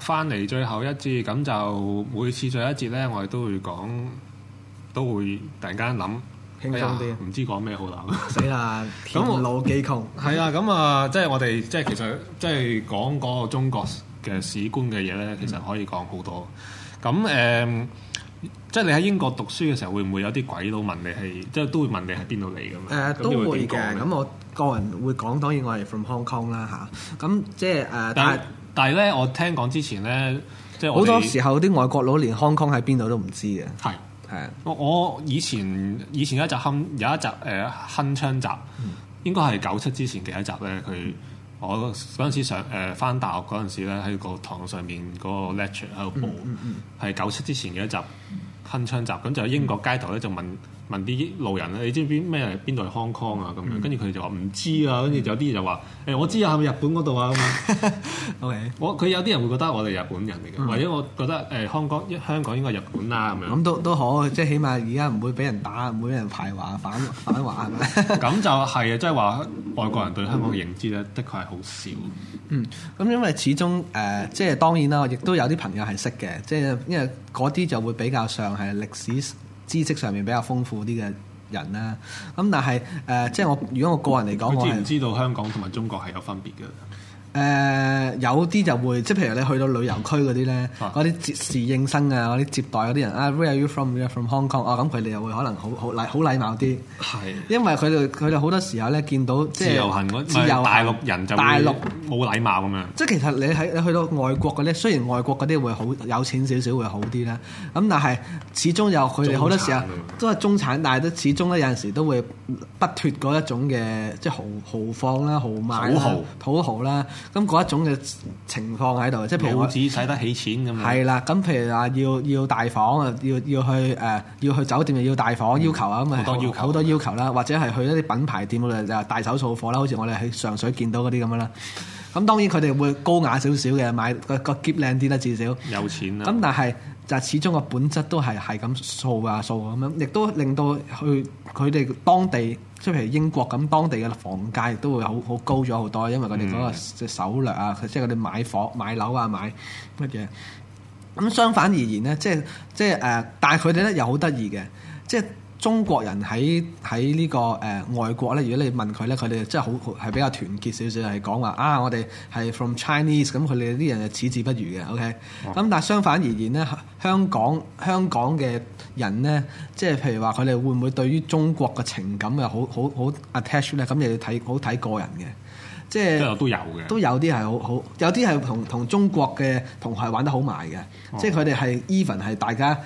翻嚟最後一節，咁就每次最後一節咧，我哋都會講，都會突然間諗，輕鬆啲，唔、哎、知講咩好啦。死啦！我黔驢技窮。係我 啊，咁啊，即係我哋即係其實即係講嗰個中國嘅史觀嘅嘢咧，其實可以講好多。咁誒、嗯。即係你喺英國讀書嘅時候，會唔會有啲鬼佬問你係，即係都會問你係邊度嚟㗎嘛？誒、呃，都會嘅。咁我個人會講，當然我係 from Hong Kong 啦，嚇、啊。咁即係誒，呃、但係但係是咧，我聽講之前咧，即係好多時候啲外國佬連 Hong Kong 喺邊度都唔知嘅。係係是。我是我以前以前有一集哼有一集誒鏗鏘集，呃集嗯、應該係九七之前嘅一集咧，佢。嗯我嗰陣時上誒翻、呃、大學嗰陣時咧，喺個堂上面嗰個 lecture 喺度播，係九七之前嘅一集《鏗鏘、嗯、集》，咁就喺英國街頭咧就問。問啲路人咧，你知唔知咩？邊度係香港啊？咁樣跟住佢哋就話唔知啊。跟住、嗯、有啲就話誒、欸，我知啊，係咪日本嗰度啊？咁樣 Okay.，我佢有啲人會覺得我哋日本人嚟嘅，嗯、或者我覺得誒、欸、香港香港應該係日本啦、啊、咁樣。咁都都好，即係起碼而家唔會俾人打，唔會俾人排華反反華係咪？咁 就係、是、啊，即係話外國人對香港嘅認知咧，的確係好少、嗯。嗯，咁因為始終誒，即、呃、係、就是、當然啦，亦都有啲朋友係識嘅，即、就、係、是、因為嗰啲就會比較上係歷史。知識上面比較豐富啲嘅人啦，咁但係誒、呃，即係我如果我個人嚟講，我自然知道香港同埋中國係有分別嘅。誒、呃、有啲就會，即係譬如你去到旅遊區嗰啲咧，嗰啲接侍應生啊，嗰啲接待嗰啲人啊，Where are you from? You from Hong Kong？哦，咁佢哋又會可能好好禮好禮貌啲。係的，因為佢哋佢哋好多時候咧見到即係、就是、自由行嗰自由行大陸人就大陸冇禮貌咁樣。即係其實你喺你去到外國嘅咧，雖然外國嗰啲會好有錢少少會好啲啦，咁但係始終有佢哋好多時候都係中產，但係都始終咧有陣時都會不脫嗰一種嘅即係豪豪放啦、豪華啦豪、土豪啦。咁嗰一種嘅情況喺度，即係譬如話，有使得起錢咁。係啦，咁譬如話要要大房啊，要要去誒、呃、要去酒店又要大房、嗯、要求啊，咁啊好多要求啦，求或者係去一啲品牌店嗰度就大手掃貨啦，好似我哋喺上水見到嗰啲咁樣啦。咁當然佢哋會高雅少少嘅，買個個喼靚啲啦，至少有錢啦。咁但係。就係始終個本質都係係咁數啊數咁樣，亦都令到去佢哋當地，即係譬如英國咁當地嘅房價亦都會好好高咗好多，因為佢哋嗰個隻手略啊，即係佢哋買房買樓啊買乜嘢。咁相反而言咧，即係即係誒，但係佢哋咧又好得意嘅，即係。中國人喺喺呢個誒、呃、外國咧，如果你問佢咧，佢哋真係好係比較團結少少，係講話啊，我哋係 from Chinese，咁佢哋啲人係矢志不渝嘅。OK，咁、哦、但係相反而言咧，香港香港嘅人咧，即係譬如話，佢哋會唔會對於中國嘅情感又好好好 attach 咧？咁又要睇好睇個人嘅，即係都有嘅，都有啲係好好，有啲係同同中國嘅同學玩得好埋嘅，即係佢哋係 even 係大家。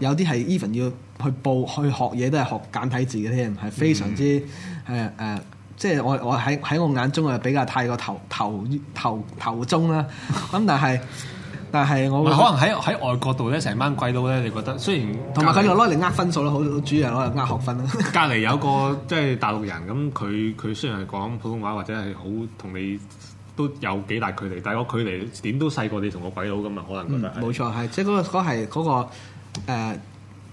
有啲係 even 要去報去學嘢都係學簡體字嘅添，係非常之誒誒、嗯呃呃，即係我我喺喺我眼中係比較太過頭頭頭頭中啦。咁但係但係我但可能喺喺外國度咧，成班鬼佬咧，你覺得雖然同埋佢又攞嚟呃分數咯，好主要攞嚟呃學分咯。隔離有個即係、就是、大陸人咁，佢佢雖然係講普通話或者係好同你都有幾大距離，但係個距離點都細過你同個鬼佬咁啊！可能覺得冇、嗯、錯係，即係嗰個嗰係嗰個。那誒、呃、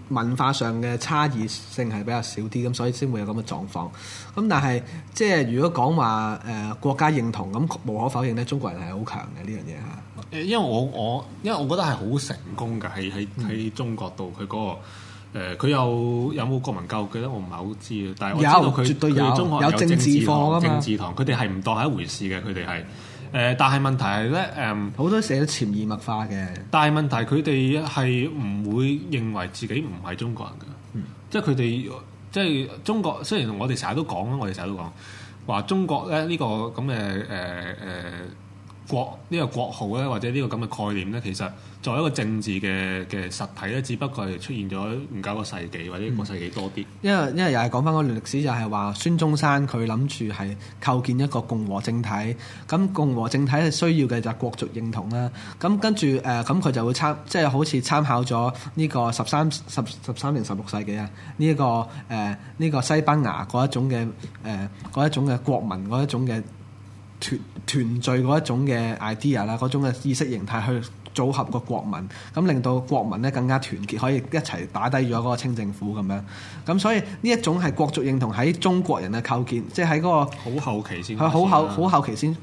文化上嘅差異性係比較少啲，咁所以先會有咁嘅狀況。咁、嗯、但係即係如果講話誒國家認同，咁無可否認咧，中國人係好強嘅呢樣嘢嚇。誒，因為我我因為我覺得係好成功㗎，喺喺喺中國度，佢嗰、嗰個佢、呃、有有冇國民教育咧，我唔係好知但係我知道佢佢中學有政治課，政治課、政治堂，佢哋係唔當係一回事嘅，佢哋係。誒、呃，但係問題係咧，誒、嗯，好多寫得潛移默化嘅。但係問題，佢哋係唔會認為自己唔係中國人嘅、嗯，即係佢哋即係中國。雖然我哋成日都講啦，我哋成日都講話中國咧呢個咁嘅誒誒。呃呃國呢、呢個國號咧，或者呢個咁嘅概念咧，其實作為一個政治嘅嘅實體咧，只不過係出現咗唔夠個世紀或者個世紀多啲、嗯。因為因為又係講翻嗰段歷史就，就係話孫中山佢諗住係構建一個共和政體。咁共和政體係需要嘅就係國族認同啦。咁跟住誒咁佢就會參即係、就係、好似參考咗呢個十三十十三零十六世紀啊呢一、呢個誒呢、呃呢個西班牙嗰一種嘅誒嗰一種嘅國民嗰一種嘅。團團聚嗰一種嘅 idea 啦，嗰種嘅意識形態去組合個國民，咁令到國民咧更加團結，可以一齊打低咗嗰個清政府咁樣。咁所以呢一種係國族認同喺中國人嘅構建，即係喺嗰個好後期先，佢好後、啊、好後好後期先。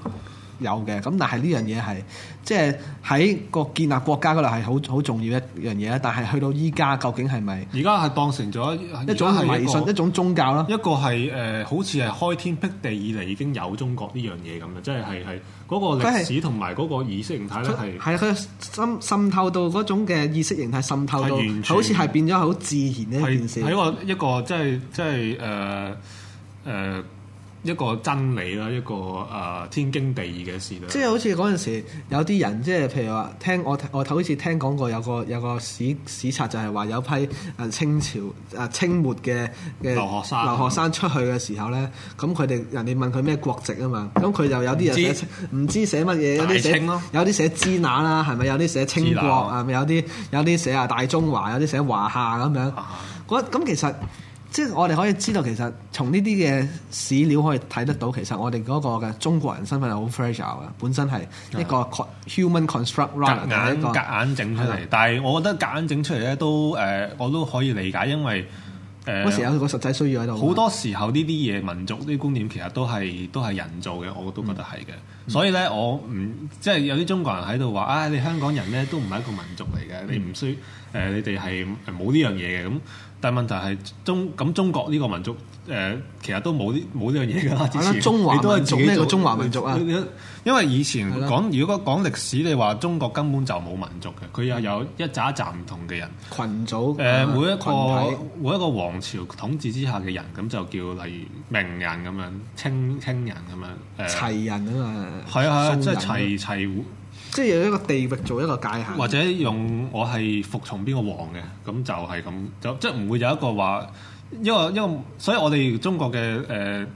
有嘅，咁但係呢樣嘢係，即係喺個建立國家嗰度係好好重要一樣嘢啦。但係去到依家，究竟係咪？而家係當成咗一種係迷信、一種宗教啦。一個係誒、呃，好似係開天辟地以嚟已經有中國呢樣嘢咁啦，即係係係嗰個歷史同埋嗰個意識形態咧，係係佢滲滲透到嗰種嘅意識形態滲透到，完全，好似係變咗好自然嘅一件事。係一個一個,一個,一個即係即係誒誒。呃呃一個真理啦，一個誒、呃、天經地義嘅事啦。即係好似嗰陣時有啲人，即係譬如話，聽我我頭好似聽講過有個有個史史冊就係話有批誒、呃、清朝誒、呃、清末嘅嘅留學生留學生出去嘅時候咧，咁佢哋人哋問佢咩國籍啊嘛，咁佢就有啲人寫唔知，知寫乜嘢清，有啲寫大清咯，有啲寫支那啦，係咪有啲寫清國啊？咪那有啲有啲寫啊大中華，有啲寫華夏咁樣。咁其實。即係我哋可以知道，其實從呢啲嘅史料可以睇得到，其實我哋嗰個嘅中國人身份係好 fragile 嘅，本身係一個 human construct 個。r o 夾硬夾硬整出嚟，的但係我覺得夾硬整出嚟咧都誒、呃，我都可以理解，因為誒、呃、時有個實際需要喺度。好多時候呢啲嘢民族啲觀念其實都係都係人造嘅，我都覺得係嘅。嗯所以咧，我唔即係有啲中國人喺度話啊，你香港人咧都唔係一個民族嚟嘅，你唔需誒、呃，你哋係冇呢樣嘢嘅咁。但係問題係中咁中國呢個民族誒、呃，其實都冇啲冇呢樣嘢㗎。之前你都係做呢個中華民族啊？因為以前講的如果講歷史，你話中國根本就冇民族嘅，佢又有一紮一紮唔同嘅人群組誒、呃，每一個體每一個王朝統治之下嘅人，咁就叫例如明人咁樣、清清人咁樣誒，呃、齊人啊嘛。係啊，係啊，齊齊即係齊齊，即係有一個地域做一個界限，或者用我係服從邊個王嘅，咁就係咁，就即係唔會有一個話，因為因為所以我哋中國嘅，誒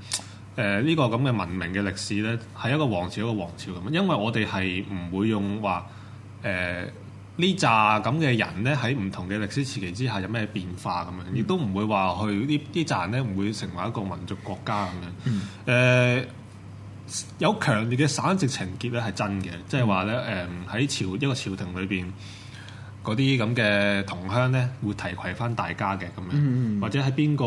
誒呢個咁嘅文明嘅歷史咧，係一個王朝一個王朝咁，因為我哋係唔會用話誒呢紮咁嘅人咧喺唔同嘅歷史時期之下有咩變化咁樣，亦、嗯、都唔會話去呢啲人咧唔會成為一個民族國家咁樣，誒、嗯。呃有強烈嘅省籍情結咧，係真嘅，即係話咧，誒喺朝一個朝廷裏邊，嗰啲咁嘅同鄉咧，會提攜翻大家嘅咁樣，嗯嗯或者喺邊個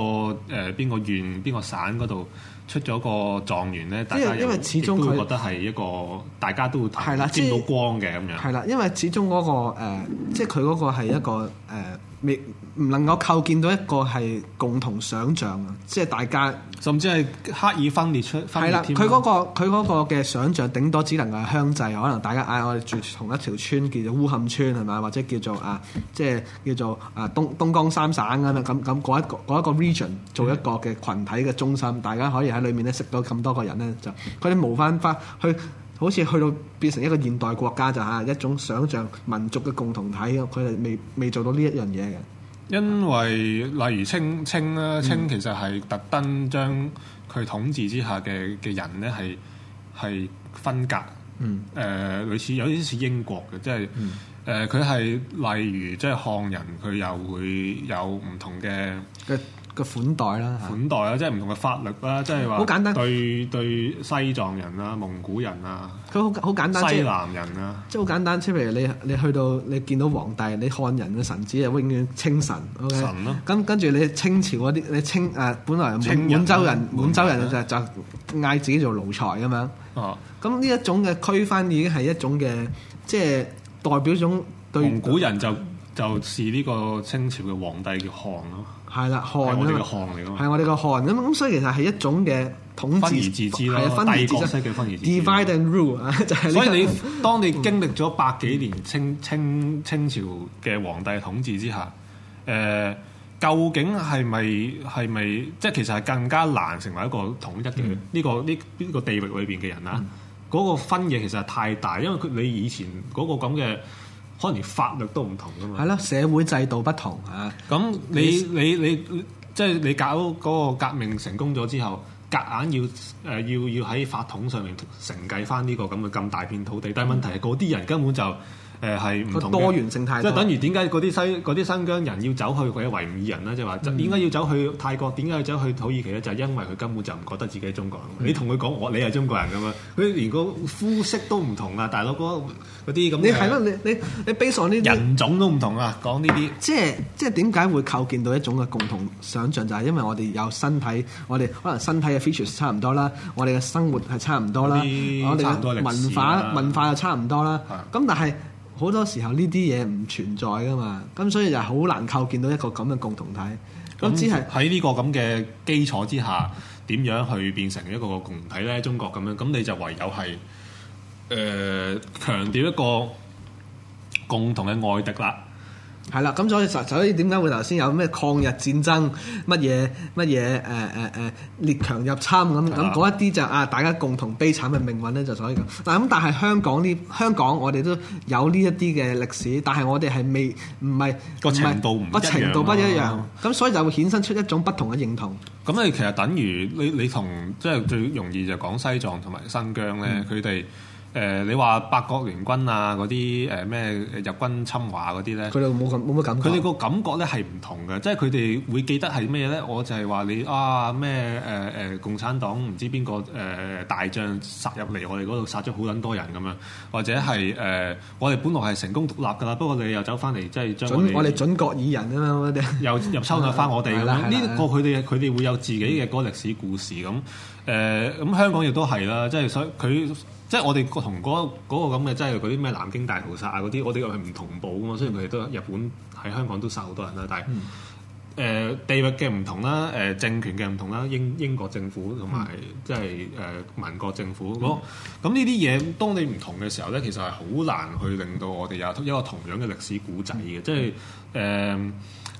誒邊、呃、個縣、邊個省嗰度出咗個狀元咧，大家又亦都覺得係一個大家都會係啦沾到光嘅咁、就是、樣，係啦，因為始終嗰、嗰個、呃、即係佢嗰個係一個誒。嗯呃未唔能夠構建到一個係共同想像啊！即係大家甚至係刻意分裂出係啦，佢嗰個佢嗰個嘅想像，頂多只能係鄉鎮。可能大家嗌我哋住同一條村，叫做烏坎村係咪？或者叫做啊，即係叫做啊東東江三省咁樣咁咁嗰一個嗰一個 region 做一個嘅群體嘅中心，的大家可以喺裏面咧識到咁多個人咧，就佢哋冇翻翻去。好似去到變成一個現代國家，就係一種想像民族嘅共同體，佢哋未未做到呢一樣嘢嘅。因為例如清清咧、啊，嗯、清其實係特登將佢統治之下嘅嘅人咧係係分隔，嗯，誒、呃、類似有啲似英國嘅，即係誒佢係例如即係漢人，佢又會有唔同嘅。嗯款待啦，款待啦，即係唔同嘅法律啦，即係話好簡單，對對西藏人啦、蒙古人啊，佢好好簡單，西南人啊，即係好簡單，即係譬如你你去到你見到皇帝，你漢人嘅臣子啊，永遠稱臣，OK，咁跟住你清朝嗰啲，你清誒本來滿滿洲人，滿洲人就就嗌自己做奴才咁樣，哦、啊，咁呢一種嘅區分已經係一種嘅，即、就、係、是、代表一種對，對蒙古人就。就是呢個清朝嘅皇帝叫漢咯，係啦，漢，係我哋嘅漢嚟咯，係我哋嘅漢咁，所以其實係一種嘅統治，係分而治之咯，帝國式嘅分而治之 divide and rule 啊、 這個，所以你、嗯、當你經歷咗百幾年清清清，清朝嘅皇帝統治之下，誒、呃，究竟係咪係咪？即係其實係更加難成為一個統一嘅呢、嗯呢個呢呢、呢個地域裏邊嘅人啊！嗰、嗯、個分野其實係太大，因為佢你以前嗰個咁嘅。可能連法律都唔同噶嘛，係咯，社會制度不同啊。咁、嗯、你你你即係你、就是、你搞嗰個革命成功咗之後，夾硬要誒、呃、要要喺法統上面承繼翻呢個咁嘅咁大片土地，但係問題係嗰啲人根本就。誒係唔同多元性態，即係等於點解嗰啲西啲新疆人要走去嗰啲維吾爾人咧？即係話點解要走去泰國？點解要走去土耳其咧？就係因為佢根本就唔覺得自己係中國人。你同佢講我，你係中國人㗎嘛？佢連個膚色都唔同啊，大佬嗰啲咁，你係咯，你你你悲傷呢啲人種都唔同啊！講呢啲，即係即係點解會構建到一種嘅共同想像？就係因為我哋有身體，我哋可能身體嘅 feature 差唔多啦，我哋嘅生活係差唔多啦，些我哋文化文化又差唔多啦。咁的但係好多時候呢啲嘢唔存在噶嘛，咁所以就好難構建到一個咁嘅共同體。咁、嗯、只係喺呢個咁嘅基礎之下，點樣去變成一個個共同體呢？中國咁樣，咁你就唯有係誒、呃、強調一個共同嘅外敵啦。係啦，咁所以實所以點解會頭先有咩抗日戰爭乜嘢乜嘢，誒誒誒列強入侵，咁咁嗰一啲就是、啊大家共同悲慘嘅命運咧就所以咁，但咁但係香港呢，香港我哋都有呢一啲嘅歷史，但係我哋係未唔係個程度唔程度不一樣，咁、啊、所以就會衍生出一種不同嘅認同。咁你其實等於你你同即係最容易就講西藏同埋新疆咧，佢哋、嗯。誒、呃，你話八國聯軍啊，嗰啲誒咩日軍侵華嗰啲咧？佢哋冇冇乜感覺。佢哋個感覺咧係唔同嘅，即係佢哋會記得係咩咧？我就係話你啊咩誒誒共產黨唔知邊個誒大將殺入嚟我哋嗰度殺咗好撚多人咁樣，或者係誒、呃、我哋本來係成功獨立㗎啦，不過你又走翻嚟即係將我哋。準我哋准國以人啊嘛啲。又入抽曬翻我哋咁 樣，呢個佢哋佢哋會有自己嘅嗰個歷史故事咁。誒咁、呃嗯、香港亦都係啦，即係所以佢即係我哋同嗰個咁嘅，即係嗰啲咩南京大屠殺啊嗰啲，我哋又係唔同步嘅嘛。嗯、雖然佢哋都日本喺香港都殺好多人啦，但係誒、嗯呃、地域嘅唔同啦，誒、呃、政權嘅唔同啦，英英國政府同埋即係誒民國政府咁。呢啲嘢，當你唔同嘅時候咧，其實係好難去令到我哋有一個同樣嘅歷史古仔嘅，嗯嗯、即係誒。呃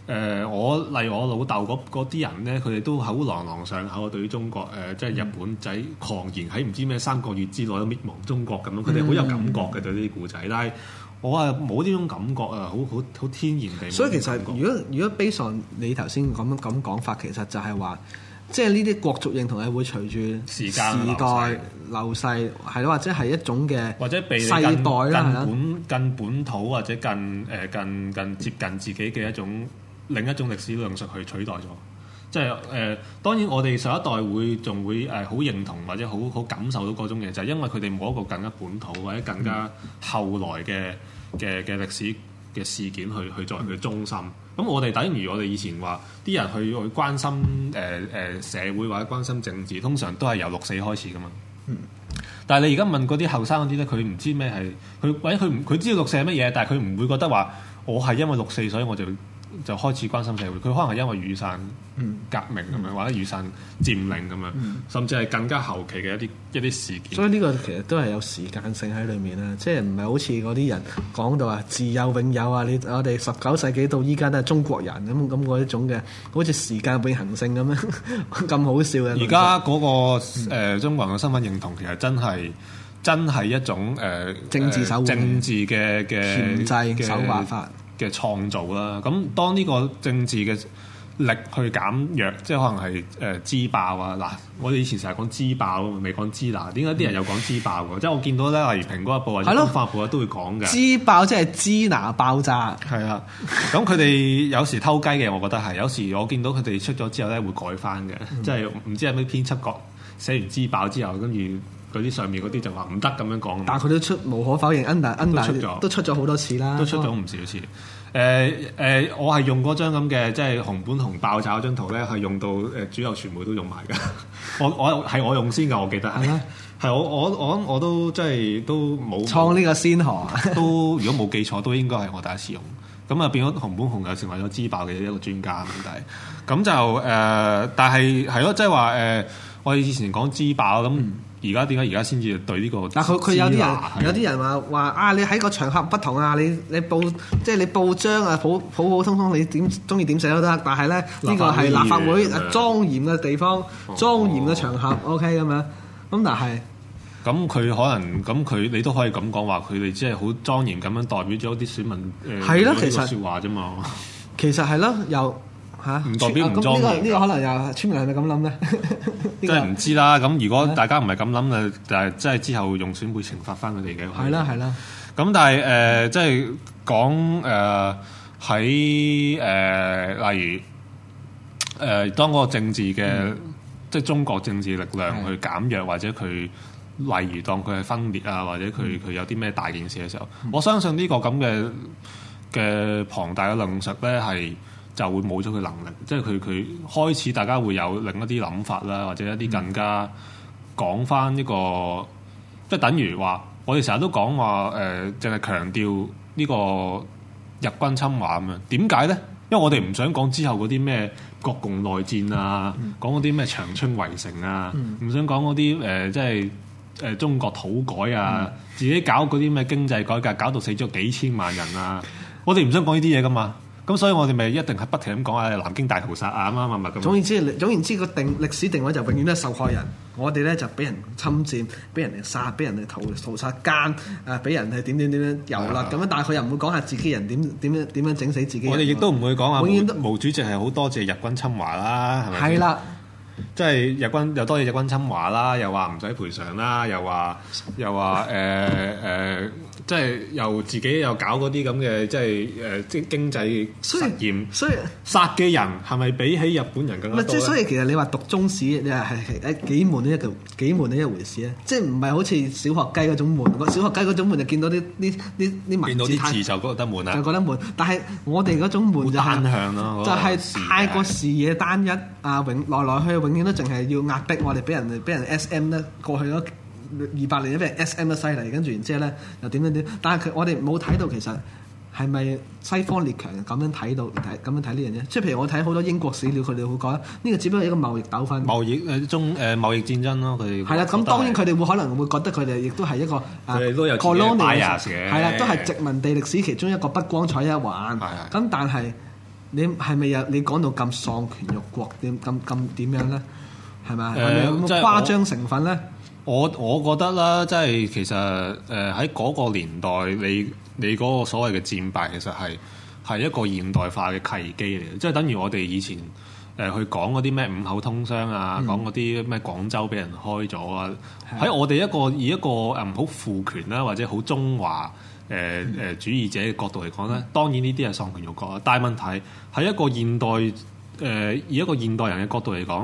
誒、呃，我例我老豆嗰啲人咧，佢哋都好朗朗上口啊！對於中國誒、呃，即係日本仔狂言喺唔知咩三個月之內都滅亡中國咁樣，佢哋好有感覺嘅、嗯、對呢啲故仔。但係我啊冇呢種感覺啊，好好好天然地。所以其實如果如果悲你頭先咁咁講法，其實就係話，即係呢啲國族認同咧，會隨住時代流勢係咯，或者係一種嘅，或者被世代啦，近本近本土或者近誒近近接近自己嘅一種。另一種歷史論述去取代咗，即係誒、呃。當然，我哋上一代會仲會誒好認同或者好好感受到嗰種嘢，就係、是、因為佢哋冇一個更加本土或者更加後來嘅嘅嘅歷史嘅事件去去作為佢中心。咁、嗯、我哋等於我哋以前話啲人去去關心誒誒、呃、社會或者關心政治，通常都係由六四開始㗎嘛。嗯、但係你而家問嗰啲後生嗰啲咧，佢唔知咩係佢，或者佢唔佢知道六四係乜嘢，但係佢唔會覺得話我係因為六四所以我就。就開始關心社會，佢可能係因為雨傘革命咁樣，嗯、或者雨傘佔領咁樣，嗯、甚至係更加後期嘅一啲一啲事件。所以呢個其實都係有時間性喺裏面啊，即係唔係好似嗰啲人講到話自有永有啊？你我哋十九世紀到依家都係中國人咁咁嗰一種嘅，好似時間變行性咁樣，咁 好笑嘅。而家嗰個、嗯呃、中國人嘅身份認同，其實真係真係一種誒、呃、政治守護、政治嘅嘅制嘅手法。嘅創造啦，咁當呢個政治嘅力去減弱，即係可能係誒支爆啊！嗱，我哋以前成日講支爆，未講支那，點解啲人有講支爆、嗯、即係我見到咧，例如蘋果日報或者《東方報》啊，都會講嘅。支爆即係支那爆炸，係啊的！咁佢哋有時偷雞嘅，我覺得係；有時我見到佢哋出咗之後咧，會改翻嘅，嗯、即係唔知係咩編輯角寫完支爆之後，跟住。佢啲上面嗰啲就話唔得咁樣講，但係佢都出，無可否認 u n 出咗，Under, 都出咗好多次啦，都出咗唔少次。誒誒、oh. 呃呃，我係用嗰張咁嘅，即、就、係、是、紅本紅爆炸嗰張圖咧，係用到誒、呃、主流傳媒都用埋㗎。 我我係我用先㗎，我記得係係嗎我我我我都即係、就是、都冇創呢個先河， 都如果冇記錯，都應該係我第一次用。咁啊變咗紅本紅又成為咗支爆嘅一個專家咁就誒，但係係咯，即係話誒，我哋以前講支爆咁。呃而家點解而家先至對呢個？但佢佢有啲人的有啲人話話啊！你喺個場合不同啊！你你報即係、就是、你報章啊，普普普通通你點鍾意點寫都得。但係咧，呢個係立法會莊嚴嘅地方，嗎莊嚴嘅場合、哦、OK 咁樣。咁但係咁佢可能咁佢你都可以咁講話，佢哋只係好莊嚴咁樣代表咗啲選民誒講個説話啫嘛。呃、的其實係咯，又。 吓，唔代表唔裝呢、這個呢、這個可能又村民係咪咁諗咧， 這個 即係唔知啦。咁如果大家唔係咁諗嘅，但係的即係之後用選舉懲罰翻佢哋嘅。係啦係啦。咁但係誒、呃，即係講誒喺誒，例如誒、呃，當個政治嘅、嗯、即係中國政治力量去減弱，的或者佢例如當佢係分裂啊，或者佢佢、嗯、有啲咩大件事嘅時候，我相信呢個咁嘅嘅龐大嘅論述咧係。就會冇咗佢能力，即係佢佢開始，大家會有另一啲諗法啦，或者一啲更加講翻呢個，嗯、即係等於話，我哋成日都講話誒，淨、呃、係強調呢個日軍侵華咁樣，點解呢？因為我哋唔想講之後嗰啲咩國共內戰啊，講嗰啲咩長春圍城啊，唔、嗯、想講嗰啲誒，即係誒、呃、中國土改啊，嗯、自己搞嗰啲咩經濟改革，搞到死咗幾千萬人啊，我哋唔想講呢啲嘢噶嘛。咁所以我哋咪一定係不停咁講下南京大屠殺啊咁樣啊嘛咁。總言之，總言之個定歷史定位就永遠都係受害人。我哋咧就俾人侵占、俾人嚟殺，俾人嚟屠屠殺奸、奸啊，俾人係點點點樣遊歷咁樣。但係佢又唔會講下自己人點點樣點樣整死自己人。我哋亦都唔會講啊。永遠都毛主席係好多謝日軍侵華啦，係咪？係啦。即係日軍又多謝，日軍侵華啦，又話唔使賠償啦，又話又話誒誒，即係又自己又搞嗰啲咁嘅，即係誒即經濟實驗，所以，所以殺嘅人係咪比起日本人更加多咧？即係所以其實你話讀中史你係係誒幾悶呢？一條幾悶咧一回事咧？即係唔係好似小學雞嗰種悶？小學雞嗰種悶就見到啲啲啲啲字就覺得悶啊！就覺得悶，但係我哋嗰種悶就是、單向咯、啊，就係太過視野單一啊！永來來去去。永遠都淨係要壓迫我哋，俾人哋俾人 SM 咧，過去咗二百年，俾人 SM 都犀利，跟住然之後咧又點樣點。但係佢，我哋冇睇到其實係咪西方列強咁樣睇到，咁樣睇呢樣嘢。即係譬如我睇好多英國史料，佢哋會覺得呢個只不過係一個貿易糾紛，貿易誒、呃、中誒貿、呃、易戰爭咯。佢哋係啦，咁、啊、當然佢哋會可能會覺得佢哋亦都係一個都有啊 colonies 係啦，都係殖民地歷史其中一個不光彩一環。係係。咁但係。你係咪有你講到咁喪權辱國，點咁咁點樣咧？係咪有咁誇張成分咧、呃？我我覺得啦，即係其實誒喺嗰個年代，你你嗰個所謂嘅戰敗，其實係係一個現代化嘅契機嚟嘅，即係等於我哋以前。誒、呃、去講嗰啲咩五口通商啊，嗯、講嗰啲咩廣州俾人開咗啊，喺的我哋一個以一個嗯好父權啦，或者好中華誒誒、呃、主義者嘅角度嚟講咧，當然呢啲係喪權辱國啊。嗯、但係問題喺一個現代誒、呃、以一個現代人嘅角度嚟講，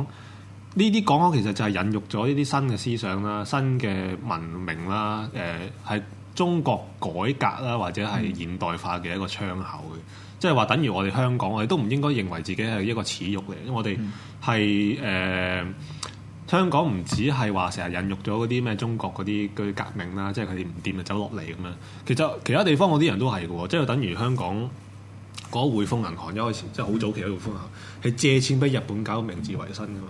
呢啲講講其實就係引入咗呢啲新嘅思想啦、新嘅文明啦、誒、呃、係中國改革啦，或者係現代化嘅一個窗口嘅。嗯嗯。即係話等於我哋香港，我哋都唔應該認為自己係一個恥辱嚟。因為我哋係誒香港，唔止係話成日孕育咗嗰啲咩中國嗰啲嗰啲革命啦，即係佢哋唔掂就走落嚟咁樣。其實其他地方嗰啲人都係嘅，即係等於香港嗰個匯豐銀行一開始，即係好早期嗰度分行，係借錢俾日本搞明治維新嘅嘛。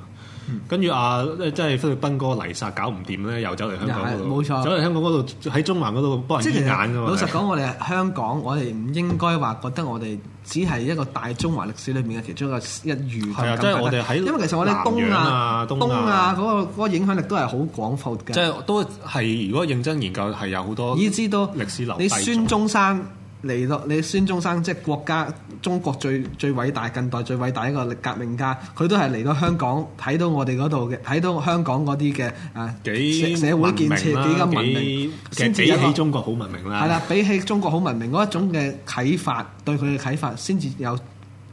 跟住、嗯、啊，即、就、係、是、菲律賓嗰個泥沙搞唔掂咧，又走嚟香港嗰度，冇錯走嚟香港嗰度喺中環嗰度幫人掩眼噶嘛。其實老實講，我哋香港，我哋唔應該話覺得我哋只係一個大中華歷史裏面嘅其中一個一隅。係啊，因為我哋喺因為其實我哋、啊、東亞、啊、東亞嗰個嗰個影響力都係好廣闊嘅。即係都係，如果認真研究係有好多已知道歷史流。你，你孫中山。嚟到你孫中山，即係國家中國最最偉大近代最偉大一個革命家，佢都係嚟到香港睇到我哋嗰度嘅，睇到香港嗰啲嘅啊，幾社會建設名名幾咁文明，先至一個。比起中國好文明啦，係啦、啊，比起中國好文明，嗰一種嘅啟發對佢嘅啟發，先至有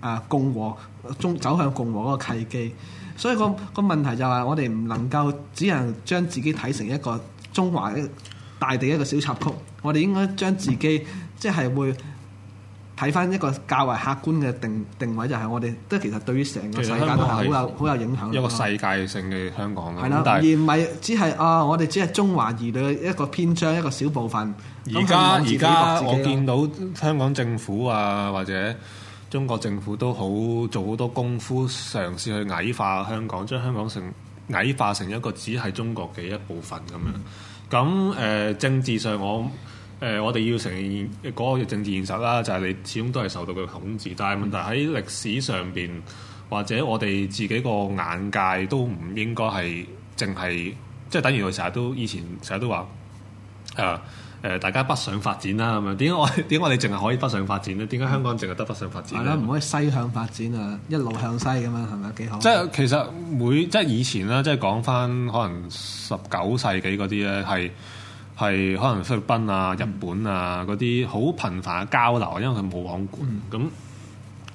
啊共和中走向共和嗰個契機。所以、嗰個、嗰個問題就係我哋唔能夠只能將自己睇成一個中華大地一個小插曲，我哋應該將自己。即係會睇翻一個較為客觀嘅定定位，就係、是、我哋即係其實對於成個世界都係好有好有影響。一個世界性嘅香港，係咯，但係而唔係只係啊、哦，我哋只係中華兒女一個篇章，一個小部分。而家而家我見到香港政府啊，或者中國政府都好做好多功夫，嘗試去矮化香港，將香港成矮化成一個只係中國嘅一部分咁樣。咁誒、呃、政治上我。嗯誒、呃，我哋要承認嗰個政治現實啦，就係、是、你始終都係受到佢控制。但係問題喺歷史上邊，或者我哋自己個眼界都唔應該係淨係，即係等於我成日都以前成日都話誒誒，大家北上發展啦咁樣。點解我點解你淨係可以北上發展呢？點解香港淨係得北上發展大家唔可以西向發展啊！一路向西咁樣係咪幾好？即係其實每即係以前啦、啊，即係講翻可能十九世紀嗰啲咧係。係可能菲律賓啊、日本啊嗰啲好頻繁嘅交流，因為佢冇網管。咁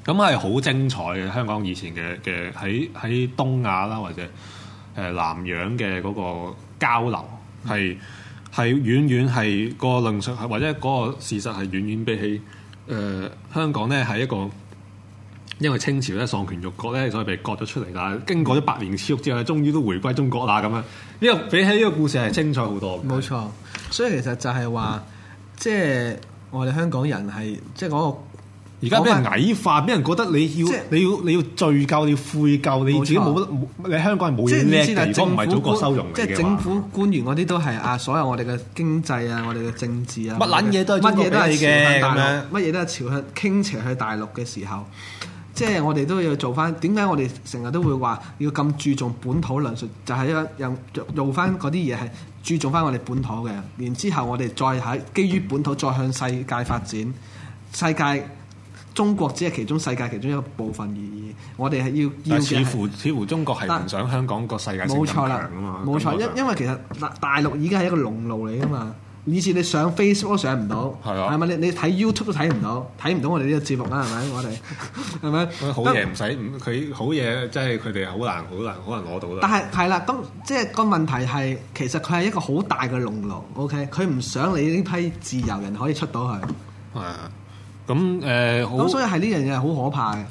咁係好精彩嘅。香港以前嘅嘅喺喺東亞啦或者誒、呃、南洋嘅嗰個交流係係、嗯、遠遠係個論述，或者嗰個事實係遠遠比起誒、呃、香港咧係一個。因為清朝咧喪權辱國咧，所以被割咗出嚟。但係經過咗百年屈辱之後咧，終於都回歸中國啦咁樣。呢個比起呢個故事係精彩好多。冇錯，所以其實就係話，嗯、即係我哋香港人係即係嗰、嗰個而家俾人矮化，俾回人覺得你要即你要你要，你要罪咎你要悔疚，錯你自己冇你香港人冇嘢叻嚟嘅，唔係祖國收容嘅。即係政府官員嗰啲都係啊，所有我哋嘅經濟啊，我哋嘅政治啊，乜撚嘢都係乜嘢都係嘅咁樣，乜嘢都係朝向傾斜去大陸嘅時候。即係我哋都要做翻，點解我哋成日都會話要咁注重本土論述？就係一樣做做翻嗰啲嘢係注重翻我哋本土嘅，然之後我哋再喺基於本土再向世界發展。世界中國只係其中世界其中一個部分而已，我哋係要要。似乎是似乎中國係唔想香港個世界性咁強，冇錯，因錯因為其實大大陸已經係一個龍路嚟噶嘛。以前你上 Facebook 都上唔、啊、到，係咪你你睇 YouTube 都睇唔到，睇唔到我哋呢個節目啦？係咪我哋係咪？ 吧好嘢唔使，佢但好嘢即係佢哋好難、好難、好難攞到啦。但係係啦，咁即係個問題係，其實佢係一個好大嘅籠籠，OK，佢唔想你呢批自由人可以出到去。係啊，咁誒，咁、好、所以係呢樣嘢係好可怕嘅、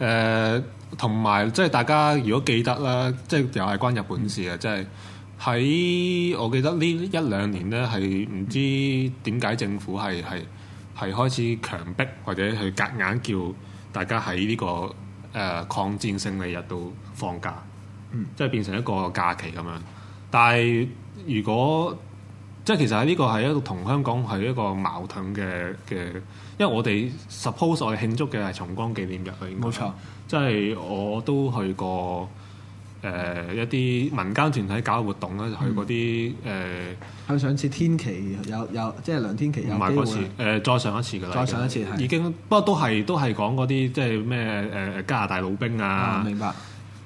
呃。誒，同埋即係大家如果記得啦，即係又係關日本事嘅，嗯、即係。喺我記得呢一兩年咧，係唔知點解政府係係係開始強迫，或者係夾硬叫大家喺呢、這個誒、呃、抗戰勝利日度放假，嗯、即係變成一個假期咁樣。但係如果即係其實喺呢個係一個同香港係一個矛盾嘅嘅，因為我哋 suppose 我哋慶祝嘅係重光紀念日，應該冇錯，即係我都去過。誒、呃、一啲民間團體搞活動咧，嗯、去嗰啲誒。去、呃、上次天琦有有，即係梁天琦有機會。誒、呃，再上一次㗎啦。再上一次係已經，不過都係都係講嗰啲即係咩誒誒加拿大老兵啊。啊，明白，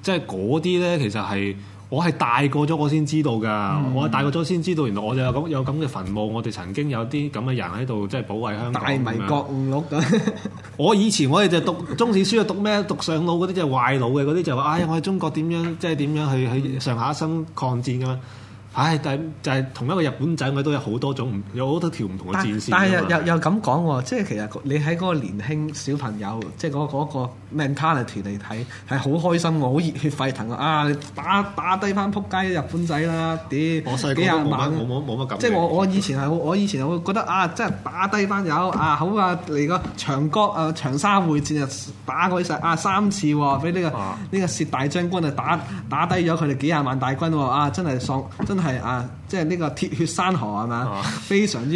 即係嗰啲咧，其實係。嗯我係大個咗，我先知道噶。嗯、我係大個咗先知道，原來我就有咁有咁嘅墳墓。我哋曾經有啲咁嘅人喺度，即係保衞香港。大迷國五六， 我以前我哋就讀中史書，讀咩？讀上腦嗰啲，即係壞腦嘅嗰啲，就話、是就是：哎我喺中國點樣，即係點樣去、嗯、去上下一心抗戰啊！唉、哎，但係就係同一個日本仔，我都有好多種，有好多條唔同嘅戰線但。但係又又咁講，即係其實你喺嗰個年輕小朋友，即係嗰嗰個。那個 m e n t a l i t y 嚟睇係好開心喎，好熱血沸騰啊！啊，你打打低翻撲街日本仔啦，屌幾廿萬，冇冇冇乜感。即係我我以前係我以前係覺得啊，即係打低翻有啊好啊嚟個長江啊長沙會戰啊，打佢成啊三次喎，俾、啊、呢、這個呢、啊、個薛大將軍啊打打低咗佢哋幾廿萬大軍喎，啊真係爽，真係啊！即係呢個鐵血山河係嘛，啊、非常之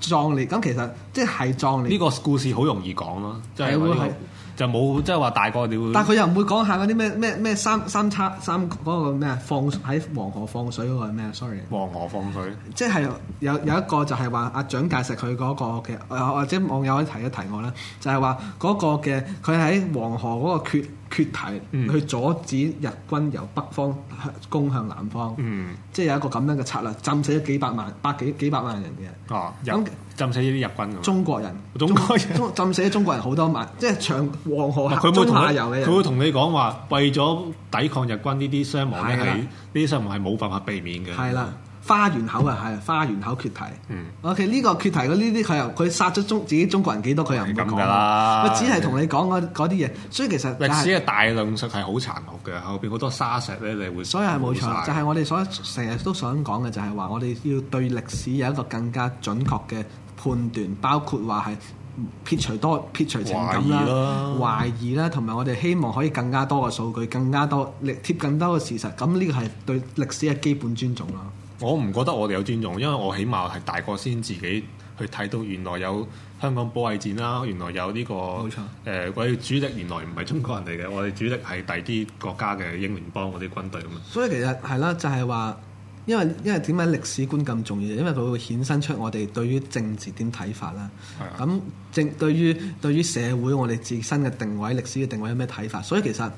壯烈。咁其實即係壯烈。呢個故事好容易講咯，即係、呢個、會係就冇即係話大個點會。但係佢又唔會講下嗰啲咩咩咩三三叉三嗰、嗰個咩啊？放喺黃河放水嗰個咩啊？Sorry。黃河放水，即係有有一個就係話阿蔣介石佢嗰、嗰個嘅，或者網友可以提一提我啦。就係話嗰個嘅佢喺黃河嗰個決。決堤、嗯、去阻止日軍由北方向攻向南方，嗯、即係有一個咁樣嘅策略，浸死咗幾百萬、百幾幾百萬人嘅哦，咁浸那死啲日軍，中國人，中國浸死咗中國人好中 多萬，即係長黃河中下游嘅人，佢會同你講話，為咗抵抗日軍呢啲傷亡咧係，呢啲傷亡係冇辦法避免嘅。係啦。花園口啊，係花園口決堤。嗯，OK，呢個決堤，呢啲佢又佢殺咗中自己中國人幾多，佢又唔咁噶啦。我只係同你講嗰啲嘢，的所以其實、就是、歷史嘅大論述係好殘酷嘅。後邊好多沙石咧，你會所以係冇錯，就係、是、我哋所成日都想講嘅，就係、是、話我哋要對歷史有一個更加準確嘅判斷，包括話係撇除多撇除情感懷疑啦，同埋我哋希望可以更加多嘅數據，更加多貼更多嘅事實。咁呢個係對歷史嘅基本尊重咯。我唔覺得我哋有尊重，因為我起碼係大個先自己去睇到原來有香港保衞戰啦，原來有呢、這個誒，我哋錯、呃、主力原來唔係中國人嚟嘅，我哋主力係第二啲國家嘅英聯邦嗰啲軍隊啊。所以其實係啦，就係、是、話，因為因為點解歷史觀咁重要？因為佢會衍生出我哋對於政治點睇法啦。咁政的對於對於社會我哋自身嘅定位、歷史嘅定位有咩睇法？所以其實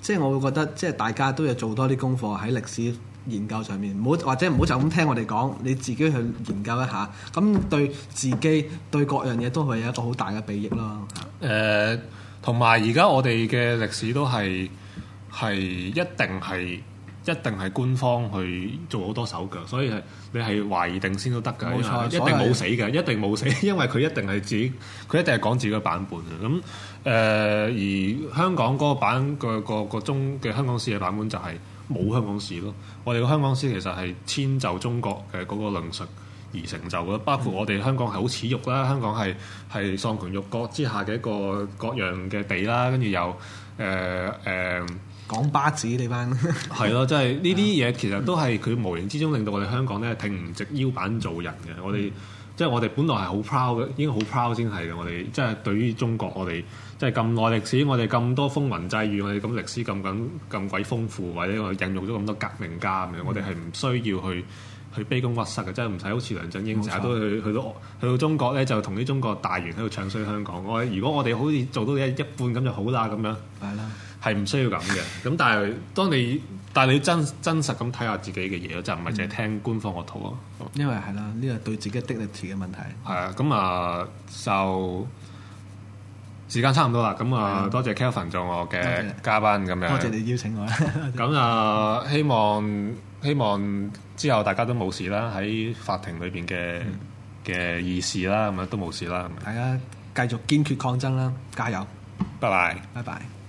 即係我會覺得，即係大家都有做多啲功課喺歷史。研究上面，唔好或者唔好就咁聽我哋講，你自己去研究一下，咁對自己對各樣嘢都係有一個好大嘅裨益咯。誒、呃，同埋而家我哋嘅歷史都係係一定係一定係官方去做好多手腳，所以係你係懷疑定先都得㗎，冇錯，因為一定冇死嘅，所以係，一定冇死，因為佢一定係自己，佢一定係講自己嘅版本嘅。咁誒、呃，而香港嗰個版嘅個、嗰個中嘅、嗰個、香港史嘅版本就係、係。冇香港史咯，我哋個香港史其實係遷就中國嘅嗰個論述而成就嘅，包括我哋香港係好恥辱啦，香港係係喪權辱國之下嘅一個各樣嘅地啦，跟住又誒誒港巴子呢班，係、呃、咯，即係呢啲嘢其實都係佢無形之中令到我哋香港咧挺唔直腰板做人嘅，我哋。嗯即係我哋本來係好 proud 嘅，應該好 proud 先係嘅。我哋即係對於中國，我哋即係咁耐歷史，我哋咁多風雲際遇，我哋咁歷史咁緊咁鬼豐富，或者我哋引用咗咁多革命家咁樣，嗯、我哋係唔需要去去卑躬屈膝嘅，即係唔使好似梁振英成日都去去到去到中國咧，就同啲中國大員喺度唱衰香港。我如果我哋好似做到一一半咁就好啦咁樣。係唔需要咁嘅，咁但係當你但係你真真實咁睇下自己嘅嘢咯，就唔係淨係聽官方學徒咯。嗯、好因為係啦，呢個對自己的立嘅問題係啊。咁啊，就時間差唔多啦。咁啊，嗯、多謝 Calvin 做我嘅嘉賓咁樣。多謝你邀請我。咁 啊，希望希望之後大家都冇事啦。喺法庭裏邊嘅嘅議事啦，咁啊都冇事啦。大家繼續堅決抗爭啦，加油！拜拜，拜拜。拜拜。